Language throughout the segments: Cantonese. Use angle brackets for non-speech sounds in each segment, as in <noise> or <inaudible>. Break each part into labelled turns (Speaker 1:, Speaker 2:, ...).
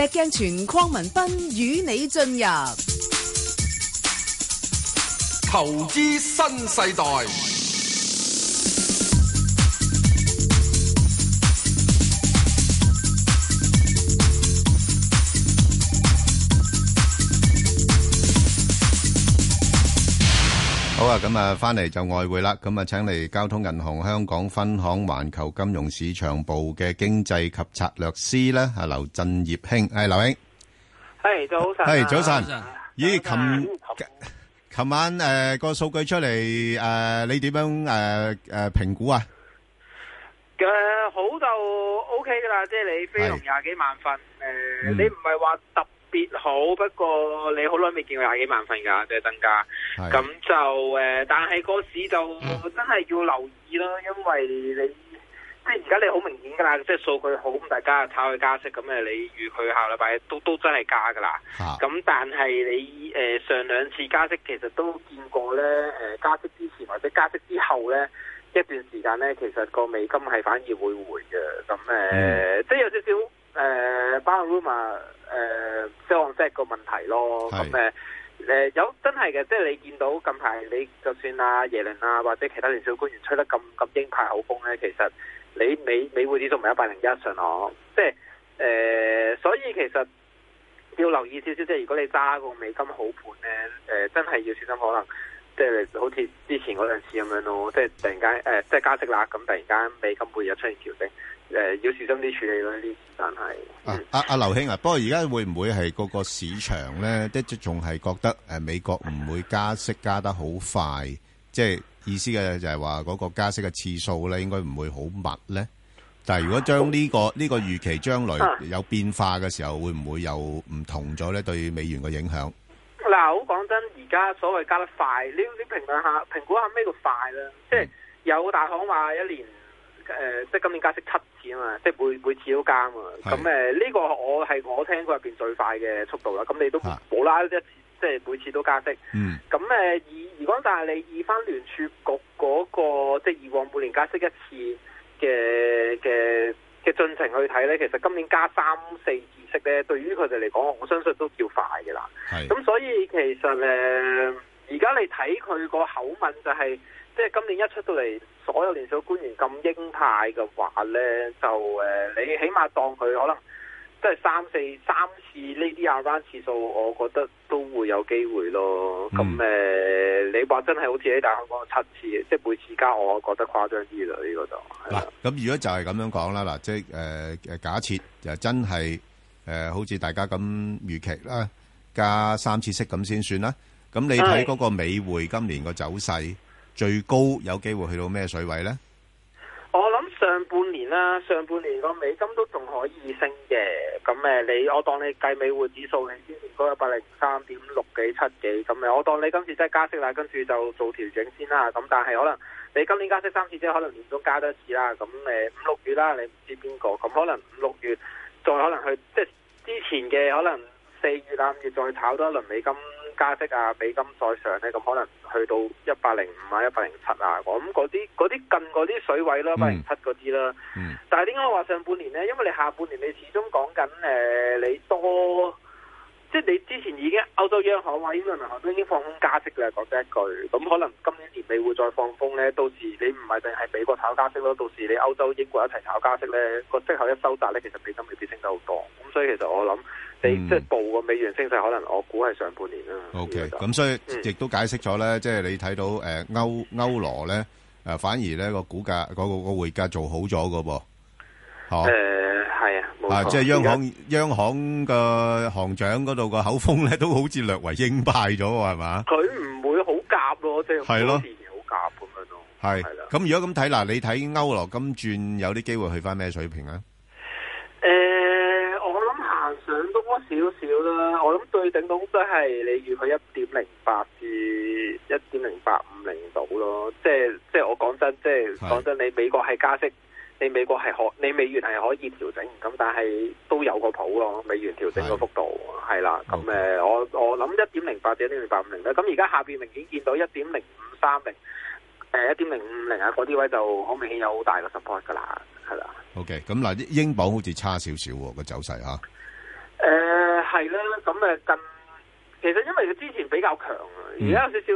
Speaker 1: 石鏡泉鄺文斌與你進入
Speaker 2: 投資新世代。
Speaker 1: 好啊，咁啊，翻嚟就外匯啦。咁啊，請嚟交通銀行香港分行環球金融市場部嘅經濟及策略師咧，係劉振業兄，係劉兄，
Speaker 3: 係早晨，係早晨。
Speaker 1: 咦，琴琴晚誒個數據出嚟誒，你點樣誒誒評估啊？誒，好就
Speaker 3: OK 噶啦，即係你非農廿幾萬份，誒，你唔係話十。別好，不過你好耐未見過廿幾萬份噶，即係增加。咁就誒，但係個市就真係要留意囉！因為你即係而家你好明顯噶啦，即係數據好，咁大家炒佢加息，咁誒，你預佢下禮拜都都真係加噶啦。咁、啊、但係你誒、呃、上兩次加息，其實都見過咧，誒加息之前或者加息之後咧，一段時間咧，其實個美金係反而會回嘅。咁誒、呃，即係有少少。誒、呃、巴爾魯瑪誒收降息個問題咯，咁誒誒有真係嘅，即係你見到近排你就算啊耶倫啊或者其他聯小官員吹得咁咁鷹派口風咧，其實你美美匯指數唔係一百零一上落，即係誒、呃，所以其實要留意少少，即係如果你揸個美金好盤咧，誒、呃、真係要小心，可能即係好似之前嗰陣時咁樣咯，即係突然間誒、呃、即係加息啦，咁突然間美金會有出現調整。誒要小
Speaker 1: 心啲處理啦，呢啲但係、嗯、啊啊啊，劉兄啊，不過而家會唔會係個個市場咧，即仲係覺得美國唔會加息加得好快，即、就、係、是、意思嘅就係話嗰個加息嘅次數咧，應該唔會好密咧。但係如果將呢、呢個呢、呢個預期將來有變化嘅時候，啊、會唔會又唔同咗咧對美元嘅影響？
Speaker 3: 嗱、啊，好講真，而家所謂加得快，你你評論下評估下咩叫快啦，即、嗯、係、就是、有大行話一年。誒、呃，即係今年加息七次啊嘛，即係每每次都加啊嘛。咁呢、呃這個我係我聽過入面最快嘅速度啦。咁你都冇啦、啊、一次，即係每次都加息。嗯。咁而如果但係你以翻聯儲局嗰、那個即係以往每年加息一次嘅嘅嘅進程去睇咧，其實今年加三四次息咧，對於佢哋嚟講，我相信都叫快嘅啦。係。咁所以其實誒，而、呃、家你睇佢個口吻就係、是。即係今年一出到嚟，所有聯儲官員咁鷹派嘅話咧，就誒你起碼當佢可能即係三四三次呢啲亞班次數，我覺得都會有機會咯。咁、嗯、誒，你話真係好似喺大學講七次，即係每次加，我覺得誇張啲啦。呢、這個就
Speaker 1: 嗱，咁如果就係咁樣講啦，嗱，即係誒誒，假設就真係誒、呃，好似大家咁預期啦，加三次息咁先算啦。咁你睇嗰個美匯今年個走勢。最高有機會去到咩水位呢？
Speaker 3: 我諗上半年啦，上半年個美金都仲可以升嘅。咁誒，你我當你計美匯指數，你之前嗰一百零三點六幾七幾，咁我當你今次真係加息啦，跟住就做調整先啦。咁但係可能你今年加息三次，即係可能年中加多一次啦。咁誒，五六月啦，你唔知邊個咁可能五六月再可能去即係
Speaker 2: 之前嘅可能
Speaker 3: 四月啊，五月再炒多一輪美金。加息啊，美金再上咧，咁可能去到一百零五啊，一百零七啊，咁嗰啲嗰啲近嗰啲水位啦，一百零七嗰啲啦。嗯、但係點解話上半年咧？因為你下半年你始終講緊誒，你多。即係你之前已經歐洲央行話英國銀行都已經放空加息啦，講得一句。咁可能今年年尾會再放風咧，到時你唔係淨係美國炒加息咯，到時你歐洲、英國一齊炒加息咧，個息口一收窄咧，其實美金未必升得好多。咁所以其實我諗你即係報個美元升勢，可能我估係上
Speaker 1: 半年啦。O K. 咁所以亦都解釋咗咧，即、嗯、係、就是、你睇到誒歐歐羅咧，反而咧個股價嗰個、個匯價做好咗個噃。誒，
Speaker 3: 係啊，啊，即係央行
Speaker 1: 央行嘅行長嗰度個口風咧，都好似略為應敗咗，係嘛？佢
Speaker 4: 唔會好夾咯，即係好多年好
Speaker 3: 夾
Speaker 1: 咁
Speaker 4: 樣咯。係
Speaker 3: 係啦，咁如果咁
Speaker 1: 睇，嗱，你睇歐羅金轉有啲機會去翻咩水平呀？
Speaker 3: 誒，我諗行上多少少啦，我諗最頂檔都係你預期一點零八至一點零八五零度咯。即係即係我講真，即係講真，你美國係加息。你美國係可，你美元係可以調整，咁但係都有個譜咯。美元調整個幅度係啦，咁誒、okay.，我我諗一點零八至一點零八五零咧。咁而家下邊明顯見到、呃、okay, 一點零五三零，誒一點零五五零啊，嗰啲位就好明顯有好大個 support 噶啦，係啦。
Speaker 1: OK，咁嗱，英鎊好似差少少喎個走勢吓，
Speaker 3: 誒係啦，咁誒近，其實因為佢之前比較強，而、嗯、家有少少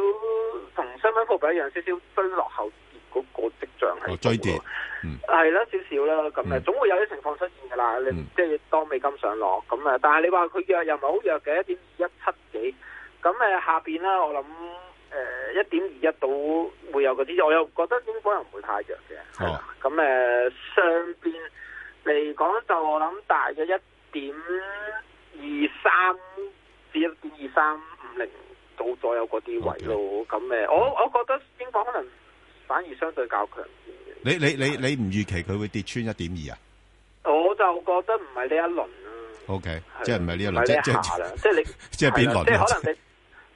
Speaker 3: 同新聞鋪報一樣，少少分落後。那個跡象係，係啦少少啦，咁誒、嗯嗯，總會有啲情況出現噶啦。你、嗯、即係當美金上落咁啊，但係你話佢弱又唔係好弱嘅，一點二一七幾咁誒，下邊咧我諗誒一點二一度會有嗰啲，我又覺得英鎊又唔會太弱嘅。好、哦，咁誒上邊嚟講就我諗大約一點二三至一點二三五零度左右嗰啲位咯。咁、okay. 誒，我我覺得英鎊可能。反而
Speaker 1: 相對較強健嘅。你你你你唔預期佢會跌穿一點二啊？我就
Speaker 3: 覺得唔係呢一輪。O K，即係唔係呢一輪，即係下啦，即係你即
Speaker 1: 係邊輪？即係 <laughs> 可能你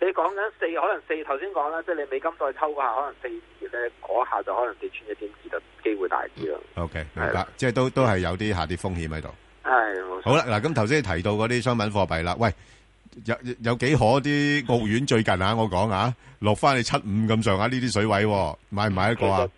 Speaker 1: <laughs> 你講緊四，可能四頭先講啦，即係你美金再抽下，可能四二咧嗰下就可
Speaker 3: 能跌穿一點
Speaker 1: 二，就機會大啲啦。嗯、OK，明白是，即係都都係有啲下跌風險喺度。係好啦，嗱咁頭先提到嗰啲商品貨幣啦，喂。有有幾可啲澳元最近啊？我講啊，落翻去七五咁上下呢啲水位，買唔買得過啊？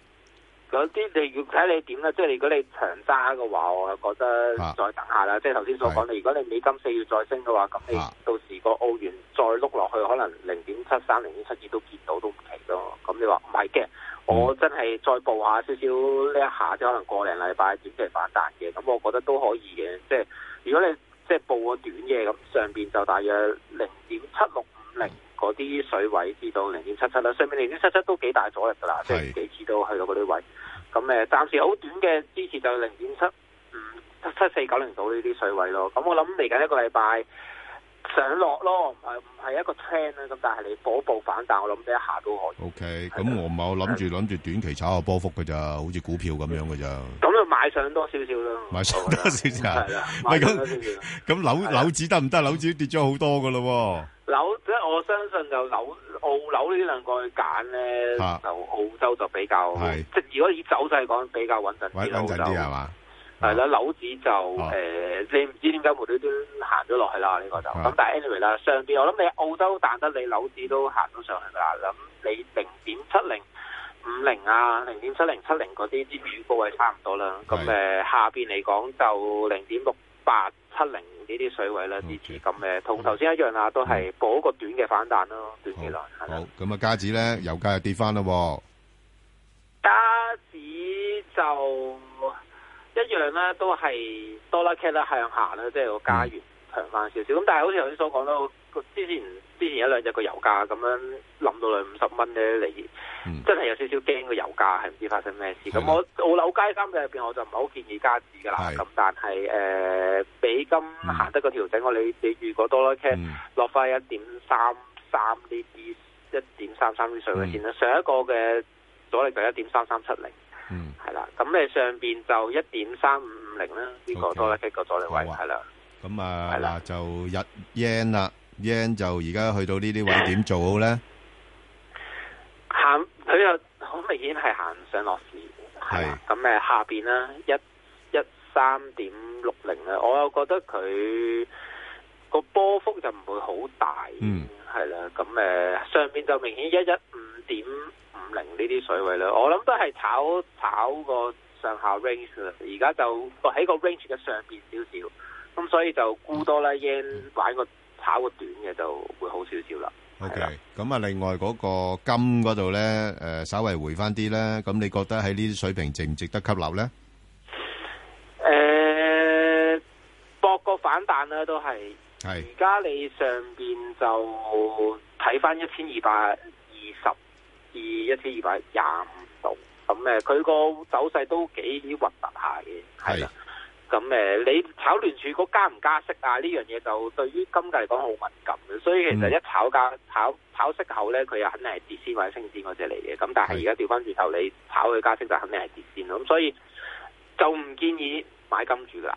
Speaker 3: 有啲你要睇你點啦，即係如果你長揸嘅話，我就覺得再等下啦、啊。即係頭先所講，你如果你美金四月再升嘅話，咁你到時個澳元再碌落去，可能零點七三、零點七二都見到都唔奇咯。咁你話唔係嘅，我真係再報下少少呢一下，即係可能過零禮拜點係反彈嘅，咁我覺得都可以嘅。即係如果你即係報個短嘢，咁上邊就大約零點七六五零嗰啲水位至到零點七七啦，上面零點七七都幾大阻力噶啦，即係幾次都去到嗰啲位。咁誒，暫時好短嘅支持就零點七五七七四九零度呢啲水位咯。咁我諗嚟緊一個禮拜上落咯，唔係唔係一個 trend 咧，咁但係你步步反彈，我諗一下都可
Speaker 1: 以。O K，咁我唔係諗住諗住短期炒下波幅嘅咋，好似股票咁樣嘅咋。
Speaker 3: 咁就買上多
Speaker 1: 少少啦。買上多少少啊？係啦，買上多少少。咁樓樓指得唔得？樓指跌咗好多嘅咯。
Speaker 3: 樓即係我相信就樓澳樓呢兩個去揀咧，就澳洲就比較即係如果以走勢講比較穩陣啲澳洲。係啦，樓子就誒、啊呃，你唔知點解無端端行咗落去啦？呢、啊這個就咁、啊，但係 anyway 啦，上邊我諗你澳洲彈得你樓子都行咗上去啦，咁你零點七零五零啊，零點七零七零嗰啲支住高位差唔多啦。咁誒、呃、下邊嚟講就零點六八七零呢啲水位啦支持，咁誒，同頭先一樣啦，都係補一個短嘅反彈咯、嗯，短幾耐係好
Speaker 1: 咁啊，加指咧，油價又跌翻啦。加
Speaker 3: 指就。一樣咧，都係多啦 K 咧向下啦，即係個加元強翻少少。咁、嗯、但係好似頭先所講到，之前之前一兩日個油價咁樣冧到兩五十蚊咧嚟，真係有少少驚個油價係唔知發生咩事。咁我我樓街三隻入邊我就唔係好建議加止㗎啦。咁但係誒、呃，比金行得個調整，嗯、我你你如果多啦 K 落翻一點三三呢啲一點三三啲上嘅線啦。上一個嘅阻力就一點三三七零。嗯，係啦，咁咧上邊就一點三五五零啦，呢個多咗幾個阻力位係啦，
Speaker 1: 咁啊，係啦、嗯 uh，就日 yen 啦，yen 就而家去到、嗯、呢啲位點做好咧？
Speaker 3: 行，佢又好明顯係行上落市，
Speaker 1: 係，
Speaker 3: 咁誒下邊啦，一一三點六零啦，我又覺得佢個波幅就唔會好大，嗯。係啦，咁誒上面就明顯一一五點五零呢啲水位啦，我諗都係炒炒個上下 range，而家就喺個 range 嘅上面少少，咁所以就沽多啦，Yen 玩個炒個短嘅就會好少少啦。
Speaker 1: OK，咁啊，另外嗰個金嗰度咧，誒，稍微回翻啲咧，咁你覺得喺呢啲水平值唔值得吸納咧？
Speaker 3: 誒，博個反彈啦，都係。係而家你上邊就睇翻一千二百二十二一千二百廿五度，咁誒，佢個走勢都幾混雜下嘅。係，咁誒，你炒聯儲個加唔加息啊？呢樣嘢就對於金價嚟講好敏感嘅，所以其實一炒價、嗯、炒炒息口咧，佢又肯定係跌先或者升先嗰隻嚟嘅。咁但係而家調翻轉頭，你炒去加息就肯定係跌先咁，所以就唔建議買金主
Speaker 1: 噶。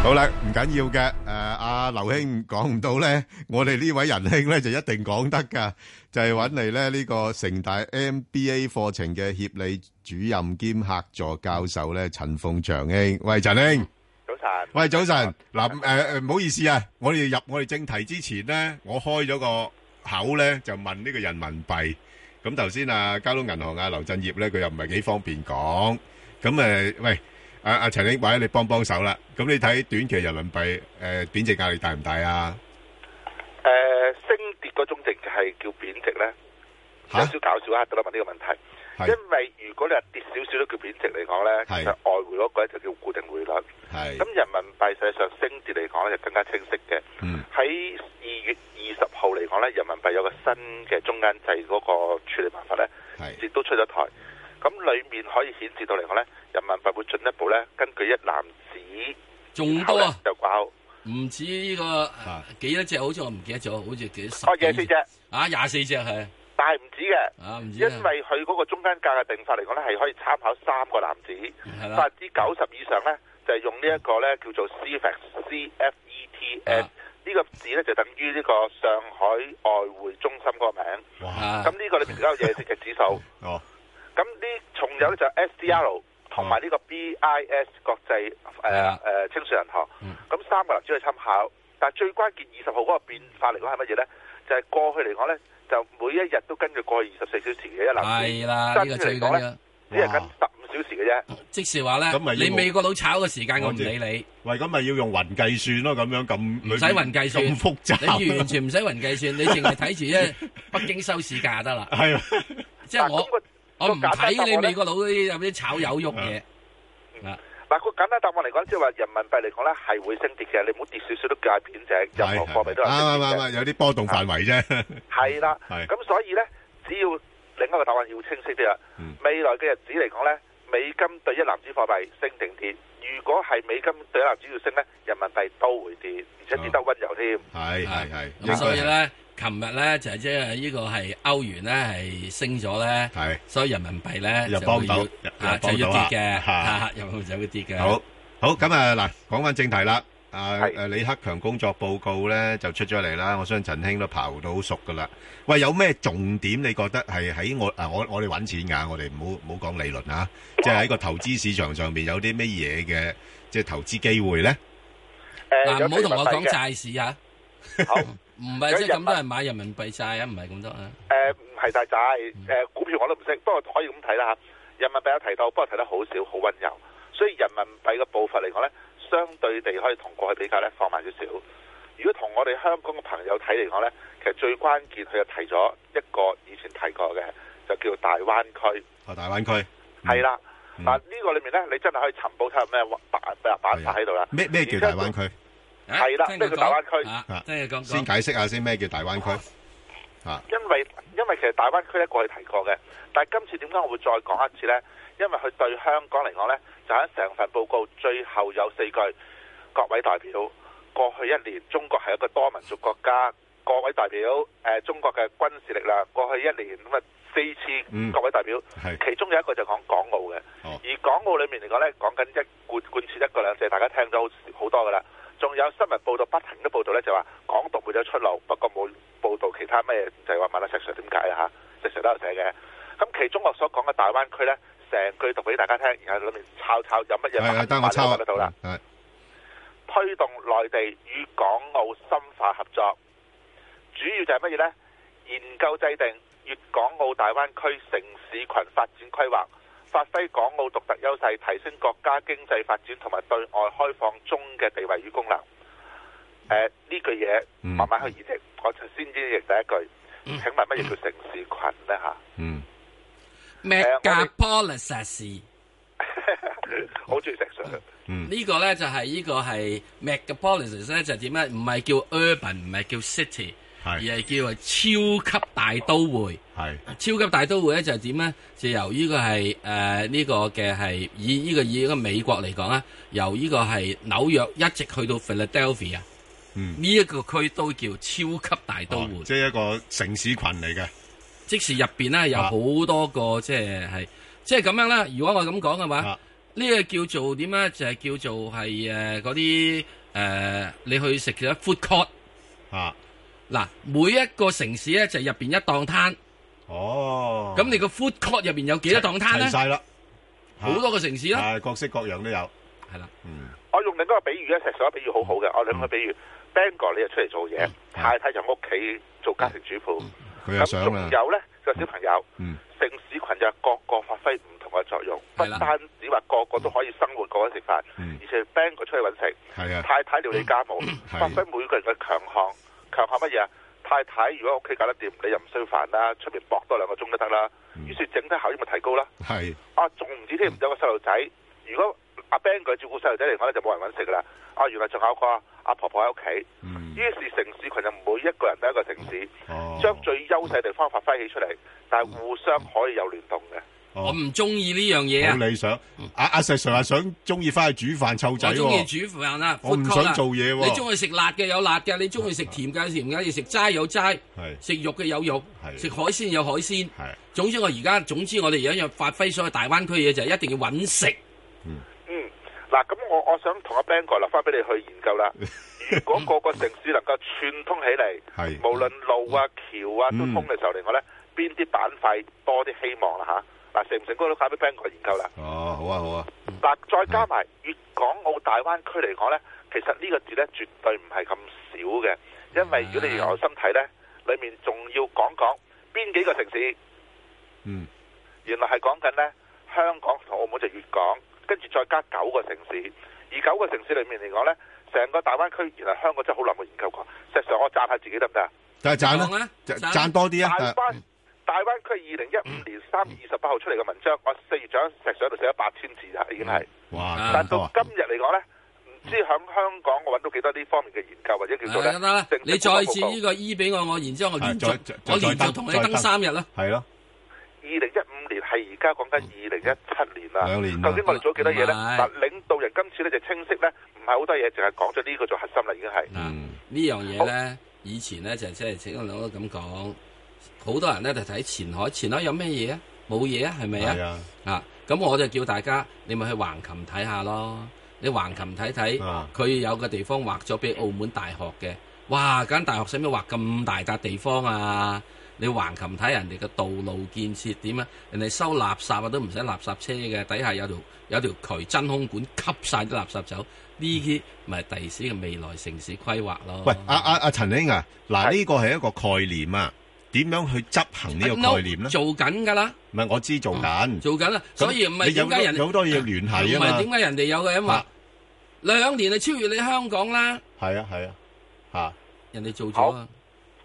Speaker 1: 好啦，唔緊要嘅，誒，阿劉兄講唔到咧，我哋呢位仁兄咧就一定講得噶，就係揾嚟咧呢個城大 MBA 課程嘅協理主任兼客座教授咧陳鳳翔兄。喂陳兄，早晨，喂早晨，嗱誒誒唔好意思啊，我哋入我哋正題之前咧，我開咗個口咧就問呢個人民幣，咁頭先啊交通銀行阿劉振業咧佢又唔係幾方便講，咁誒喂。阿、啊、阿、啊、陳鳳翔，或你幫幫手啦。咁你睇短期人民幣誒、呃、貶值壓力大唔大啊？誒、呃、升
Speaker 4: 跌嗰種值係叫貶值咧、啊，有少搞笑啊！得啦問呢個問題，因為如果你話跌少少都叫貶值嚟講咧，其實外匯嗰個就叫固定匯率。係咁人民幣實際上升跌嚟講咧，就更加清晰嘅。喺、嗯、二月二十號嚟講咧，人民幣有個新嘅中間制嗰個處理辦法咧，亦都出咗台。咁裏面可以顯示到嚟講咧，人民幣會進一步咧，根據一男子
Speaker 2: 仲多、啊，就掛唔止呢個、啊、幾多、啊、隻，好似我唔記得咗，好似幾十哦，廿四隻啊，廿四隻係，但係唔止嘅因為佢嗰個中間價嘅定
Speaker 4: 法嚟講咧，係可以參考三個男子百分之九十以上咧，就係、是、用呢一個咧叫做 CFTCFT -E、n 呢、啊這個字咧，就等於呢個上海外匯中心嗰個名，
Speaker 1: 咁呢、啊、個裏
Speaker 4: 邊而家有嘢食嘅指數 <laughs> 哦。咁呢重有呢就 S D R 同埋呢個 B I S 國際誒、啊啊啊、清算銀行，咁、嗯、三個人主要參考。但係最關鍵二十號嗰個變化嚟講係乜嘢咧？就係、是、過去嚟講咧，就每一日都跟住過去二十四小時嘅一流。係啦，呢、這個最緊要。
Speaker 2: 只係計十五小時嘅啫、啊，即是話咧，咁咪你美國佬炒嘅時間我唔理你。
Speaker 1: 喂，咁咪要用雲計算咯？咁樣咁唔使雲計算咁複雜，你完全唔
Speaker 2: 使雲計算， <laughs> 你淨係睇住一北京收市價得啦。啊， <laughs> 即係我。我唔睇你
Speaker 4: 美國佬啲有啲炒有肉嘢。嗱，嗱個簡單答案嚟講，即係話人民幣嚟講咧係會升跌嘅，你唔好跌少少都叫係貶值，任何貨幣都係。啊啊啊有
Speaker 1: 啲波動範圍啫。
Speaker 4: 係啦，咁所以咧，只要另一個答案要清晰啲啦，嗯。未來嘅日子嚟講咧，美金對一籃子貨幣升定跌？如果係美金對一籃子要升咧，人民幣都會跌，而且跌得溫柔添。係係
Speaker 2: 係，咁所以咧。琴日咧就即係呢個係歐元咧係升咗咧，所以人民幣咧就又要啊就要跌嘅，啊又就要跌嘅。好
Speaker 1: 好咁啊，嗱，講翻正題啦。啊誒，李克強工作報告咧就出咗嚟啦。我相信陳兄都刨到好熟噶啦。喂，有咩重點？你覺得係喺我啊？我我哋揾錢噶，我哋唔好唔好講理論啊。即係喺個投資市場上邊有啲咩嘢嘅，即係投資機會咧？嗱，唔好同我講債
Speaker 2: 市吓。好。唔係即咁都係買人民幣債啊！唔係咁多
Speaker 4: 啊。誒唔係大債誒、呃、股票我都唔識、嗯，不過可以咁睇啦嚇。人民幣有提到，不過睇得好少，好溫柔。所以人民幣嘅步伐嚟講咧，相對地可以同過去比較咧放慢少少。如果同我哋香港嘅朋友睇嚟講咧，其實最關鍵佢又提咗一個以前提過嘅，就叫大灣區。啊，
Speaker 1: 大灣區。係、嗯、
Speaker 4: 啦，嗱、嗯啊這個、呢個裏面咧，你真係可以尋寶睇下咩板板塊喺度啦。咩咩、啊、叫大灣區？係啦，即係咩叫大灣區？啊。先解
Speaker 1: 釋下先咩叫大灣區，啊
Speaker 4: 啊、因為因為其實大灣區咧過去提過嘅，但係今次點解我會再講一次呢？因為佢對香港嚟講呢，就喺成份報告最後有四句。各位代表，過去一年，中國係一個多民族國家。各位代表、呃、中國嘅軍事力量過去一年咁啊，呃、四次各位代表，嗯、其中有一個就講港澳嘅，哦，而港澳裏面嚟講呢，講緊一貫貫徹一個兩制，大家聽咗好多噶啦。仲有新聞報道不停都報道呢，就話港獨沒有出路，不過冇報道其他咩，就係話問吓石 Sir 點解啦嚇，石 Sir 都有寫嘅。咁其中我所講嘅大灣區呢，成句讀俾大家聽，然後裏面抄抄有乜嘢？係抄得到抄啦。推動內地與港澳深化合作，主要就係乜嘢呢？研究制定粵港澳大灣區城市群發展規劃。發揮港澳獨特優勢，提升國家經濟發展同埋對外開放中嘅地位與功能。誒、呃，呢句嘢慢慢去演繹、嗯。我就先知嘅第一句，嗯、請問乜嘢叫城市群咧？吓，嗯
Speaker 2: megapolis 好中意食水。嗯，呢、這個咧就係、是、呢、這個係 megapolis 咧，就點、是、咧？唔係叫 urban，唔係叫 city。而係叫做超「超級大都會，係超級大都會咧就係點咧？就由呢個係誒呢個嘅係以呢、這個以一個美國嚟講咧，由呢個係紐約一直去到 Philadelphia，呢一個區都叫超級大都會，即、哦、係、就是、一個城市群嚟嘅。即使入邊咧有好多個、就是，即係係即係咁樣啦。如果我咁講嘅話，呢、啊這個叫做點咧？就係、是、叫做係誒嗰啲誒你去食嘅 food court 啊。嗱，每一個城市咧就入面一檔攤。哦，咁你個 food court 入面有幾多檔攤咧？齊曬啦，好、啊、多個城市啦、
Speaker 1: 啊，各式各樣都有，係啦。嗯，
Speaker 2: 我用另一個比
Speaker 4: 喻咧，其實比喻好好嘅。我兩個比喻，嗯喻嗯，Bang 哥你又出嚟做嘢、嗯，太太就屋企做家庭主婦。佢、嗯、想仲、嗯、有咧，就是、小朋友，城、嗯、市、嗯、群就各個發揮唔同嘅作用
Speaker 1: 是的，不單止話個個都可以生活過得食飯，而且 Bang 哥出去揾食，
Speaker 4: 太太料理家務，發揮每個人嘅強項。怕乜嘢啊？太太如果屋企搞得掂，你又唔使煩啦，出面搏多兩個鐘都得啦。於是整體效益咪提高啦。係啊，仲唔止添，有個細路仔。如果阿 Ben 佢照顧細路仔嚟講咧，另就冇人搵食啦。啊，原來仲有個阿婆婆喺屋企。於是城市群就每一個人都一個城市，將最優勢嘅地方發揮起出嚟，但係互相可以有聯動嘅。
Speaker 2: 哦、我唔中意呢樣嘢啊！好理
Speaker 1: 想，阿阿石 Sir 想中意翻去煮飯湊仔喎。我中意煮
Speaker 2: 飯啦、啊，我唔想做嘢喎、啊啊啊。你中意食辣嘅有辣嘅，你中意食甜嘅甜嘅，你食齋有齋，食肉嘅有肉，食海鮮有海鮮。總之我而家總之我哋而家要發揮所有大灣區嘅嘢就係、是、一定要揾食。
Speaker 4: 嗯，嗱、嗯、咁我我，我想同阿 Bang 哥留翻俾你去研究啦。 <laughs> 如果個個城市能夠串通起嚟，無論路啊橋、嗯、啊都通嘅時候，另外咧邊啲板塊多啲希望啦、啊、吓？嗱，成唔成功都快俾 Ben 去研究啦。哦，好啊，好啊。嗱、嗯，再加埋粵港澳大灣區嚟講咧，其實呢個字咧絕對唔係咁少嘅、嗯，因為如果你用心睇咧，裏面仲要講講邊幾個城市。嗯。原來係講緊咧，香港同澳門就粵港，跟住再加九個城市，而九個城市裏面嚟講咧，成個大灣區原來香港真係好耐冇研究過。實際上我讚下自己得唔得？
Speaker 1: 但係讚咧、啊，讚多啲啊！
Speaker 4: 大灣區二零一五年三月二十八號出嚟嘅文章，嗯嗯、我四月就喺石上度寫咗八千字啦，已經係、嗯。但到今日嚟講呢，唔知響香港我揾到幾多呢方面嘅研究或者叫做、嗯嗯嗯、你再次呢個
Speaker 2: E 俾我，我然之後我連續，再再再我然之後同你登三日啦。
Speaker 1: 係咯，
Speaker 4: 二零一五年係而家講緊二零一七年啦。兩年。究竟我哋做咗幾多嘢呢？嗱，但領導人今次呢就清晰呢，唔係好多嘢，淨係講咗呢個做核心啦，已經係。嗯、
Speaker 2: 樣呢樣嘢呢，以前呢就即係，請我兩位咁講。好多人咧就睇前海，前海有咩嘢啊？冇嘢啊？係咪啊？啊！咁我就叫大家，你咪去橫琴睇下咯。你橫琴睇睇，佢、啊、有個地方劃咗俾澳門大學嘅。哇！間大學使咩劃咁大笪地方啊？你橫琴睇人哋嘅道路建設點啊？人哋收垃圾啊都唔使垃圾車嘅，底下有條有條渠真空管吸晒啲垃圾走。呢啲咪地史嘅未來城市規劃咯。喂，阿
Speaker 1: 啊阿陳兄啊，嗱、啊、呢、啊、個係一個概念啊。點樣去執行呢個概念咧？做緊㗎啦！唔係我知做緊，做緊啦、嗯。所以唔係點解人哋有好多
Speaker 2: 嘢聯繫啊嘛？點解人哋有個人話兩年就超越你香港啦？係啊係啊嚇、啊！人哋做咗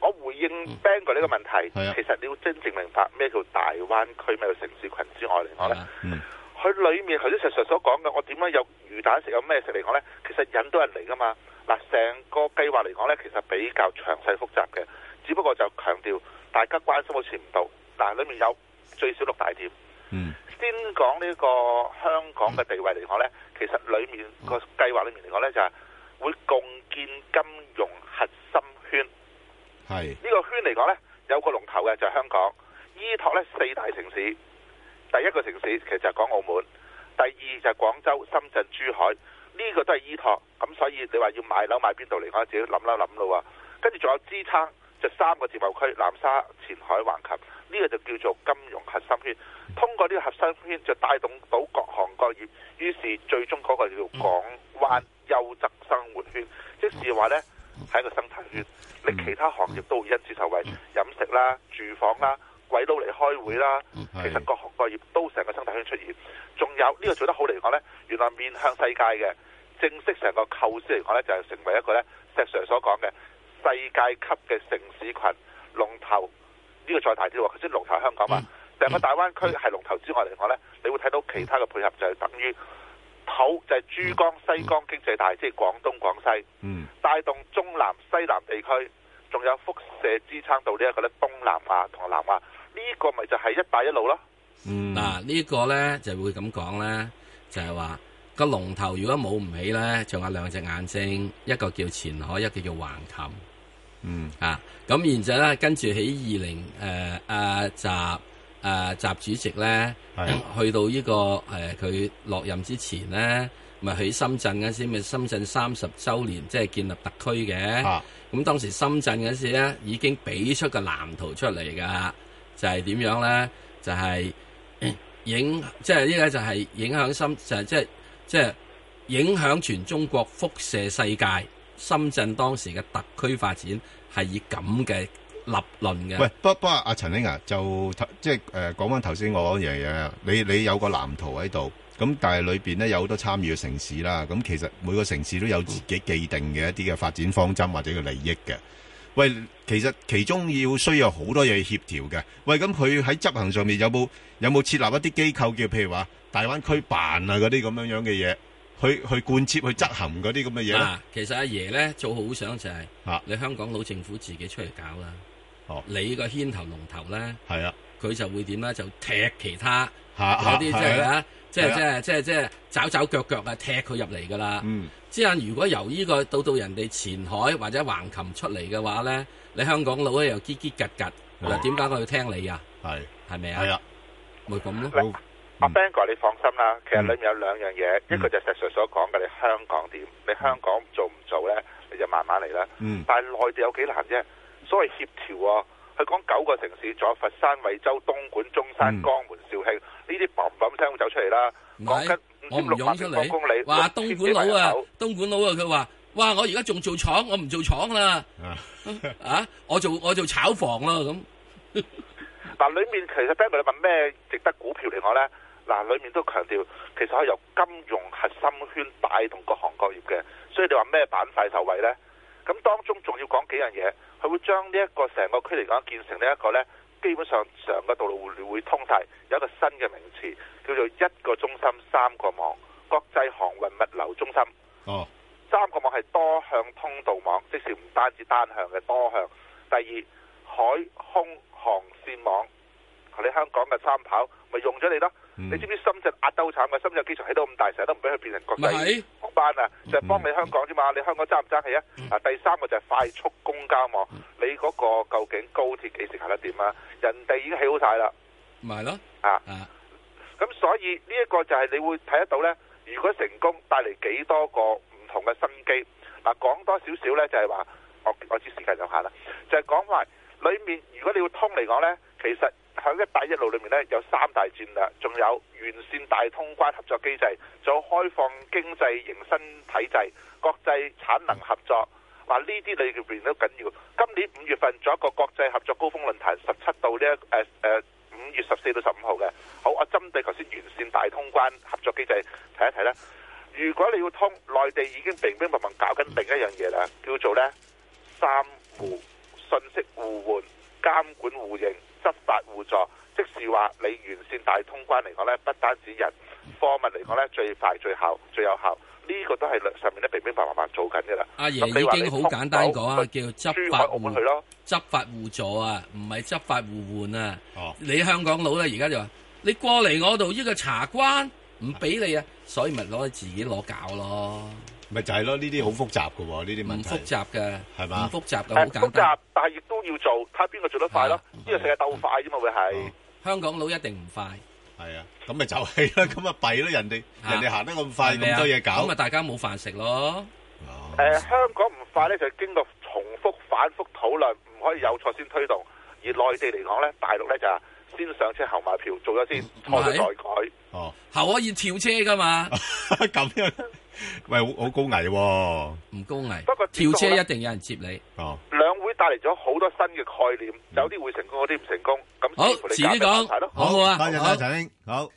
Speaker 2: 我回應
Speaker 4: Bangor 呢個問題、嗯，其實你要真正明白咩叫大灣區、咩叫城市群之外嚟講咧，佢、啊嗯、裡面頭先實實所講嘅，我點解有魚蛋食有咩食嚟講咧？其實引到人嚟㗎嘛嗱，成個計劃嚟講咧，其實比較詳細複雜嘅，只不過就強調。大家關心好似唔到，但係裡面有最少六大點。嗯。先講呢個香港嘅地位嚟講呢，其實裡面個、嗯、計劃裡面嚟講呢，就係會共建金融核心圈。係。呢、這個圈嚟講呢，有個龍頭嘅就係、是、香港，依託呢四大城市。第一個城市其實就係講澳門，第二就係廣州、深圳、珠海，呢、這個都係依托。咁所以你話要買樓買邊度嚟講，自己諗一諗啦喎。跟住仲有支撐。就是、三個自貿區，南沙、前海、橫琴，呢、這個就叫做金融核心圈。通過呢個核心圈，就帶動到各行各業，於是最終嗰個叫港灣優質生活圈，即是話呢係一個生態圈，你其他行業都會因此受惠，飲食啦、住房啦、鬼佬嚟開會啦，其實各行各業都成個生態圈出現。仲有呢、這個做得好嚟講呢，原來面向世界嘅，正式成個構思嚟講呢，就係、是、成為一個呢石 Sir 所講嘅。世界級嘅城市群龍頭呢、這個再大啲喎，先龍頭香港啊！成、嗯嗯、個大灣區係龍頭之外嚟講呢，你會睇到其他嘅配合就係等於土就係、是、珠江西江經濟帶，即、嗯、係、嗯就是、廣東，廣，東廣西、嗯，帶動中南西南地區，仲有輻射支撐到呢、這、一個呢東南亞同南亞，呢、這個咪就係一帶一路咯。
Speaker 2: 嗱、嗯，呢、啊這個呢就會咁講呢，就係、是、話、那個龍頭如果冇唔起呢，仲有兩隻眼睛，一個叫前海，一個叫橫琴。嗯啊，咁然之後咧，跟住喺二零誒阿習誒習主席咧，去到呢、這個誒佢、呃、落任之前咧，咪喺深圳陣時咪深圳三十周年即係建立特區嘅。咁當時深圳陣時咧已經俾出個藍圖出嚟㗎，就係、是、點樣咧？就係、是嗯、影，即係呢個就係、是、影響深，就係即係即係影響全中國輻射世界。深圳當時嘅特區發展係以咁嘅立論嘅。喂，
Speaker 1: 不不阿陳兄啊，就即係誒講翻頭先我講嘅嘢，你你有個藍圖喺度，咁但係裏邊呢，有好多參與嘅城市啦，咁其實每個城市都有自己既定嘅一啲嘅發展方針或者嘅利益嘅。喂，其實其中要需要好多嘢協調嘅。喂，咁佢喺執行上面有冇有冇設立一啲機構叫譬如話大灣區辦啊嗰啲咁樣樣嘅嘢？去去貫徹去執行嗰啲咁嘅嘢啊！
Speaker 2: 其實阿爺咧做好想就係嚇，你香港老政府自己出嚟搞啦。哦、啊，你個牽頭龍頭咧，係啊，佢就會點咧？就踢其他嚇，啲即係嚇，即係即係即係即係爪爪腳腳啊，踢佢入嚟噶啦。嗯，之後如果由呢、這個到到人哋前海或者橫琴出嚟嘅話咧，你香港佬咧又結結㜺㜺，又點解佢要聽你啊？係係咪啊？係啦、啊，咪咁咯。阿
Speaker 4: Ben 哥，你放心啦，其實裡面有兩樣嘢，一個就石 Sir 所講嘅，你香港點？你香港做唔做咧？你就慢慢嚟啦。但係內地有幾難啫，所謂協調啊。佢講九個城市，仲有佛山、惠州、東莞、中山、江門、肇慶呢啲，砰砰聲走出嚟啦。
Speaker 2: 講緊五六百公里，我唔湧出嚟，話東莞佬啊，東莞佬啊，佢話：哇！我而家仲做廠，我唔做廠啦。啊，我做我做炒房咯咁。
Speaker 4: 嗱，裡面其實 Ben 哥，你問咩值得股票嚟我咧？嗱，裏面都強調，其實可以由金融核心圈帶動各行各業嘅，所以你話咩板塊受惠呢？咁當中仲要講幾樣嘢，佢會將呢、這、一個成個區嚟講建成呢、這、一個呢，基本上成個道路會會通晒，有一個新嘅名詞叫做一個中心三個網，國際航運物流中心。哦，三個網係多向通道網，即是唔單止單向嘅多向。第二海空航線網，你香港嘅三跑咪用咗你咯。嗯、你知唔知道深圳壓得好慘深圳機場起到咁大，成日都唔俾佢變成國際班啊！就幫、是、你香港啫嘛，嗯，你香港爭唔爭氣啊？嗱，嗯，第三個就係快速公交網，嗯、你嗰個究竟高鐵幾時行得掂啊？人哋已經起好晒啦，唔咯啊！咁、啊、所以呢一個就係你會睇得到呢。如果成功，帶嚟幾多個唔同嘅生機嗱，講多少少呢、啊？就係話我我知時間有限啦，就係講埋裏面如果你要通嚟講呢，其實。喺一帶一路裏面呢，有三大戰略，仲有完善大通關合作機制，仲有開放型經濟新體制、國際產能合作，話呢啲裏邊都緊要。今年五月份仲有一個國際合作高峰論壇，十七到呢一誒誒五月十四到十五號嘅。好，我針對頭先完善大通關合作機制睇一睇啦。如果你要通內地，已經兵兵馬馬搞緊另一樣嘢啦，叫做呢三互信息互換、監管互認。執法互助，即是話你完善大通關嚟講咧，不單止人貨物嚟講咧，最快、最效、最有效，呢、這個都係上面咧，明明白白，萬做
Speaker 2: 緊噶啦。阿爺已經好簡單講啊，叫執法互去咯，執法互助啊，唔係執法互換啊。哦，你香港佬咧，而家就話你過嚟我度呢、這個查關唔俾你啊，所以咪攞自己攞搞咯。咪就係咯，呢啲好複雜嘅喎，呢啲問題。唔複雜嘅係嘛？唔複雜嘅好簡單。係複雜，
Speaker 4: 但係亦都要做，睇下邊個做得
Speaker 2: 快咯。呢個世界鬥快啫嘛，會係香港佬一定唔快。係啊，咁咪就係
Speaker 1: 啦，咁咪弊咯，人哋
Speaker 2: 人哋行得咁快，咁多嘢搞，咁咪
Speaker 1: 大家冇飯食咯。
Speaker 4: 誒，香港唔快咧，就係經過重複反覆討論，唔可以有錯先推動。而內地嚟講咧，大陸咧就係先上車後買票，做咗先，錯咗再改。
Speaker 2: 哦，後可以跳車噶嘛？咁樣。喂，好好高危啊，唔高危。不過跳車一定有人接你。
Speaker 4: 哦，兩會帶嚟咗好多新嘅概念，嗯、有啲會成功，有啲唔成功。咁
Speaker 2: 好，遲啲講
Speaker 4: 係咯，好啊？多謝晒
Speaker 2: 陳兄。好。